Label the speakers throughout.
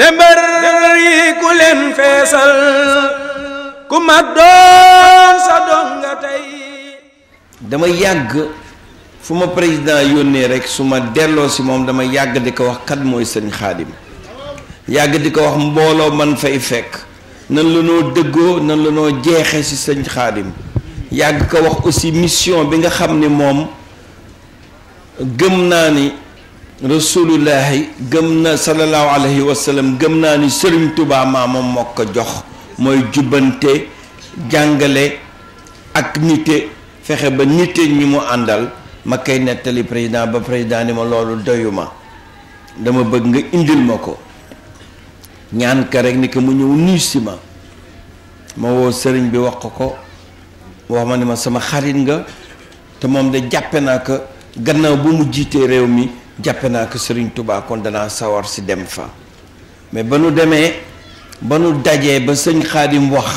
Speaker 1: ne mbër yi ku leen feesal ku mag doon sa doom nga tey dama yàgg fu ma président yónnee rek su ma delloo si moom dama yàgg di ko wax kat mooy sëñ xaadim yàgg di ko wax mbooloo man fay fekk nan la dëggoo nan la noo jeexe si sëñ xaadim yàgg ko wax aussi mission bi nga xam ni moom gëm naa ni rasulullahi gëm na sallallahu alayhi wa sallam gëm naa ni Serigne Touba maamam moo ko jox mooy jubbante jàngale ak nite fexe ba nite ñi mu àndal ma koy nettali président ba président ni ma loolu doyuma dama bëgg nga indil ma ko ñaan ka rek ni ko mu ñëw nuyu ma ma woo sëriñ bi wax ko ko wax ma ni ma sama xarit nga te moom de jàppe naa ko gannaaw bu mu jiitee réew mi jàppe naa ko sëriñ tubaa kon danaa sawar si dem fa mais ba nu demee ba nu dajee ba sëñ Xaadim wax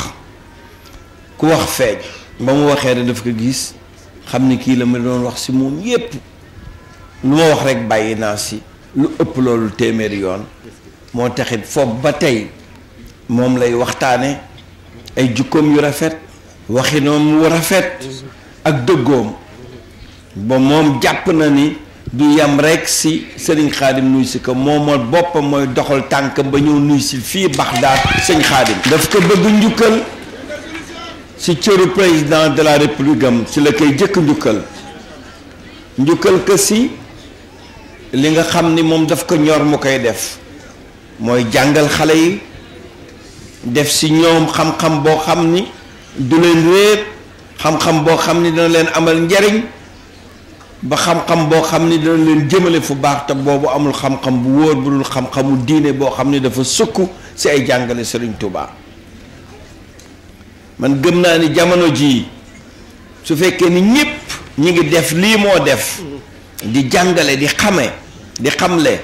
Speaker 1: ku wax feeñ ba mu waxee rek dafa ko gis xam ni kii la ma doon wax si moom yépp lu ma wax rek bàyyi naa si lu ëpp loolu téeméeri yoon moo taxit foofu ba tey moom lay waxtaane ay jukkoom yu rafet waxinoom wu rafet ak dëggoom ba moom jàpp na ni du yem rekk si sëriñ xaadim nuy si ko moomal boppam mooy doxal tànkam ba ñëw nuy si fii Baxdaad sëñ xaadim daf ko bëgg njukkal si cëru président de la république am si la koy jëkk njukkal njukkal ko si li nga xam ni moom daf ko ñor mu koy def mooy jàngal xale yi def si ñoom xam-xam boo xam ni du leen réer xam-xam boo xam ni dana leen amal njariñ ba xam-xam boo xam ni dana leen jëmale fu baax te boobu amul xam-xam bu wóor bu dul xam-xamu diine boo xam ni dafa sukk si ay jàngale sëriñ Touba man gëm naa ni jamono jii su fekkee ni ñëpp ñu ngi def lii moo def di jàngale di xame di xamle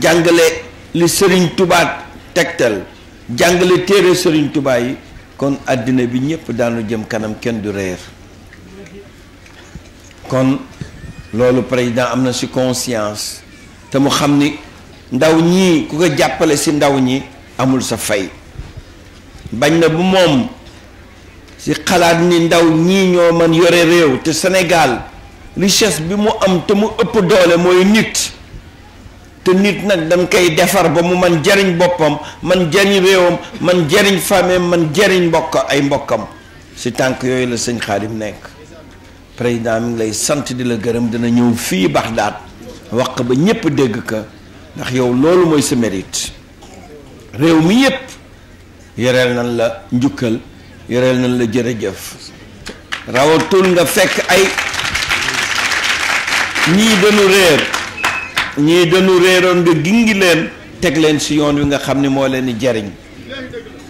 Speaker 1: jàngale li sëriñ Touba tegtal jàngale téere Serigne Touba yi kon àddina bi ñëpp daanu jëm kanam kenn du réer. kon loolu président am na si conscience te mu xam ni ndaw ñii ku ko jàppale si ndaw ñi amul sa fay bañ na bu moom si xalaat ni ndaw ñii ñoo man yore réew te Sénégal richesse bi mu am te mu ëpp doole mooy nit te nit nag dañ koy defar ba mu man jariñ boppam man jariñ réewam man jariñ famille man jariñ mbokk ay mbokkam si tànk yooyu la sëñ Xaadim nekk président mi ngay sant di la gërëm dina ñëw fii Baxdaad wax ba ñépp dégg ka ndax yow loolu mooy sa mérite réew mi yépp yoreel nañ la njukkal yoreel nañ la jëf rawatul nga fekk ay ñii dañu réer ñii dañu réeroon nga gingi leen teg leen ci yoon wi nga xam ni moo leen di jariñ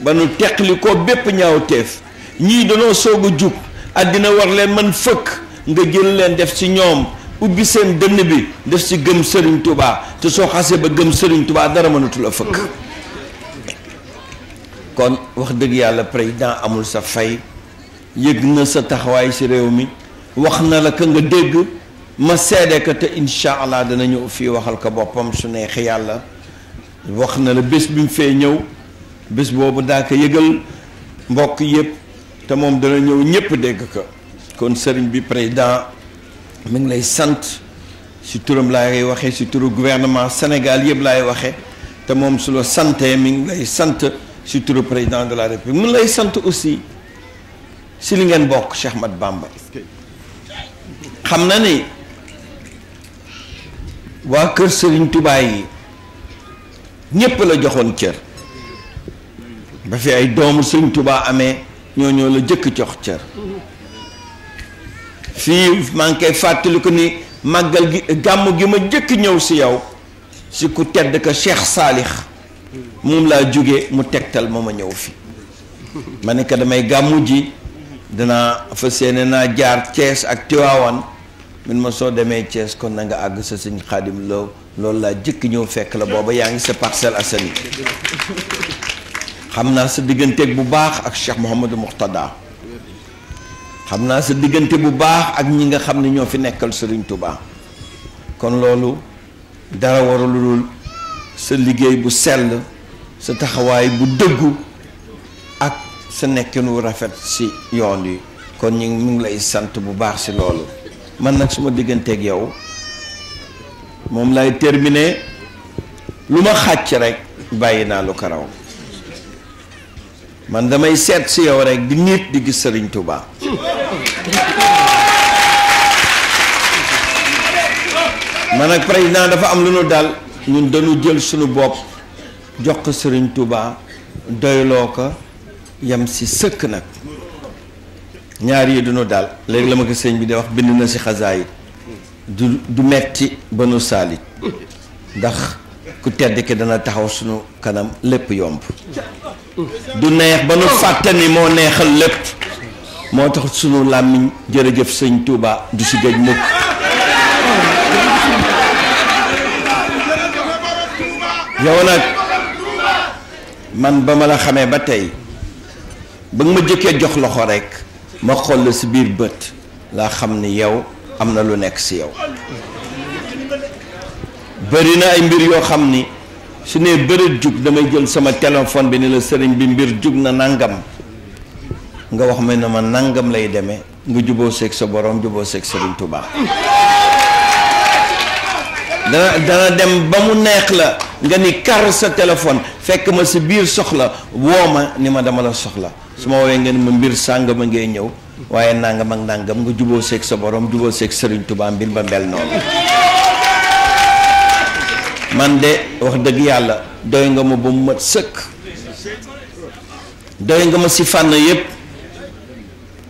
Speaker 1: ba nu teqli ko bépp ñaawteef ñii danoo soog a jub àddina war leen man fëkk nga jël leen def ci ñoom ubbi seen dënn bi def si gëm sëriñ tubaa te soo xasee ba gëm sëriñ tubaa dara mënatul a fëkk kon wax dëgg yàlla président amul sa fay yëg na sa taxawaay si réew mi wax na la ko nga dégg ma seede ko te incha allah dana ñëw fii waxal ko boppam su neex yàlla wax na la bés bi mu fee ñëw bés boobu daa ko yëgal mbokk yëpp te moom dana ñëw ñëpp dégg ko kon sëriñ bi président mi ngi lay sant si turam laay waxee si turu gouvernement Sénégal yëpp laay waxe te moom su la santee mi ngi lay sant si turu président de la république mi lay sant aussi si li ngeen bokk Cheikh Ahmad Bamba xam na ni waa kër sëriñ tubaay yi ñépp la joxoon cër ba fi ay doomu sëriñ tubaa amee ñoo ñoo la jëkk jox cër fii maa ngi koy fàttaliku ni màggal gi gàmm gi ma jëkk ñëw si yow si ku tedd ka Cheikh Saalix moom laa jóge mu tegtal ma ma ñëw fii ma ne ko damay gàmmu ji danaa fa seene naa jaar cees ak Tiwaawan min ma soo demee Thiès kon na nga àgg sa sëñ Xaadim loo loolu laa jëkk ñëw fekk la booba yaa ngi sa parcelle Assainies xam naa sa digganteek bu baax ak Cheikh Mouhamadou Mourtada xam naa sa diggante bu baax ak ñi nga xam ne ñoo fi nekkal Serigne Touba kon loolu dara waralul sa liggéey bu sell sa taxawaay bu dëggu ak sa nekkin wu rafet si yoon yi kon ñu mu ngi lay sant bu baax si loolu man nag suma digganteeg yow moom lay terminer lu ma xàcc rek bàyyi naa lu ko raw man damay seet si yow rekk di nit di gis Sëriñ Tuubaa man ak président dafa am lu nu dal ñun dañu jël suñu bopp jox ko Sëriñ tubaa doyloo ko yam si sëkk nag ñaar yi du nu dal léegi la ma ko sëñ bi di wax bind na si xasaayit du du metti ba nu saalit ndax ku tedd ki dana taxaw sunu kanam lépp yomb du neex ba nu fàtte ni moo neexal lépp moo tax sunu làmmiñ jërëjëf sëñ Touba du si géej mukk yow nag man ba ma la xamee ba tey ba nga ma jëkkee jox loxo rekk ma xol la si biir bët laa xam ni yow am na lu nekk si yow bari na ay mbir yo xamni su ne bëri jug damay jël sama téléphone bi ni la sëriñ bi mbir jug na nangam nga wax may na ma nangam lay demee nga juboo seeg sa borom sëriñ Touba dana dana dem ba mu neex la nga ni kar sa téléphone fekk ma ci biir soxla woma ni ma dama la soxla suma ma ngeen ma mbir sàngam a ngay ñëw waaye nangam ak nangam nga juboo seeg sa borom sëriñ Touba mbir ba mel non man de wax dëgg yàlla doy nga ma ba mu mat sëkk doy nga ma si fànn yépp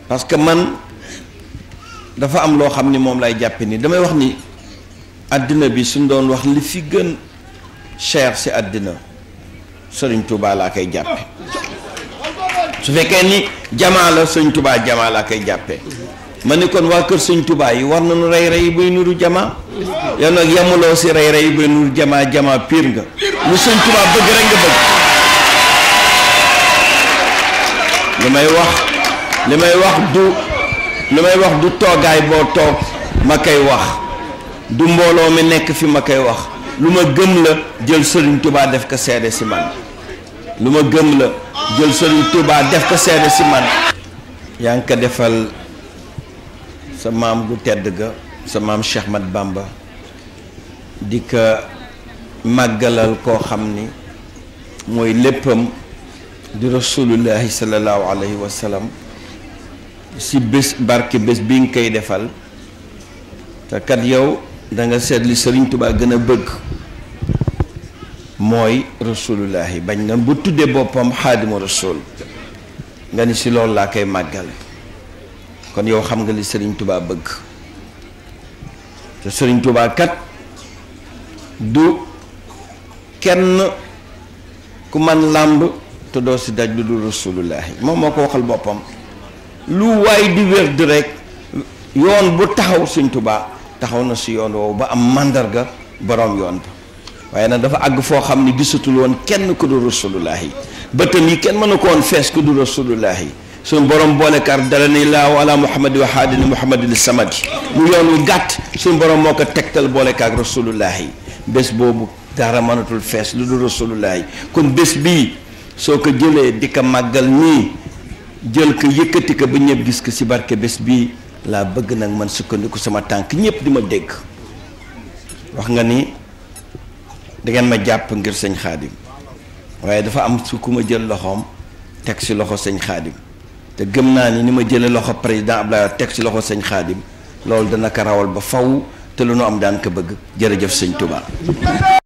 Speaker 1: parce que man dafa am loo xam ni moom lay jàppe nii damay wax ni àddina bi suñ doon wax li fi gën cher si àddina soriñ Touba laa koy jàppe su fekkee ni jamaa la sëriñ Touba jamaa laa koy jàppe ma ni kon waa kër sëñ Tuubaa yi war na nañu rey rey buy nuru jamaa yow nag yamuloo si rey rey buy nuru jamaa jamaa piir nga lu sëñ Tuubaa bëgg rek nga bëgg li may wax li may wax du li wax du toogaay boo toog ma koy wax du mbooloo mi nekk fi ma koy wax lu ma gëm la jël sëriñ tubaa def ko seede si man lu ma gëm la jël sëriñ tubaa def ko seede si man yaa ngi ko defal sa maam gu tedd ga sa maam Cheikh Mat Bamba di ka màggalal koo xam ni mooy léppam di rasulullahi sallallahu alayhi wa sallam si bés barke bés bi nga koy defal te kat yow danga nga seet li Sëriñ Tuubaa gën a bëgg mooy rasulullahi bañ na bu tuddee boppam xaadimu rasul nga ni si loolu laa koy màggale kon yow xam nga li sëriñ tubaab bëgg te sëriñ tubaa kat du kenn ku man làmb te doo si daj lu du rasulullahi moom moo ko waxal boppam lu waay di wér di rek yoon bu taxaw sëriñ tubaa taxaw na si yoon wow ba am màndarga boroom yoon ba waaye nag dafa àgg foo xam ne gisatul woon kenn ku dul rasulullahi bëtam yi kenn mënu ko woon fees ku dul rasulullahi sun borom boole kar dala ni laaw ala muhammad wa hadin muhammad al samad mu yoon wu gàtt sun borom moko tektal tegtal boole rasulullah bes bobu dara manatul fess lu dul rasulullahi kon bés bii soo ko jëlee di ko jël ko yëkëti ko bu ñëpp gis ko ci barké bes bi la bëgg nak man sukkandiku sama tank ñëpp dima dégg wax nga ni da ngeen ma japp ngir sëñ khadim waye dafa am sukuma jël loxom tek ci loxo sëñ khadim te gëm naa ni ni ma jëlee loxo président Abdoulaye teg ci loxo sëñ Xaadim loolu dana ko rawal ba fow te lu nu am daan ko bëgg jërëjëf sëñ Touba.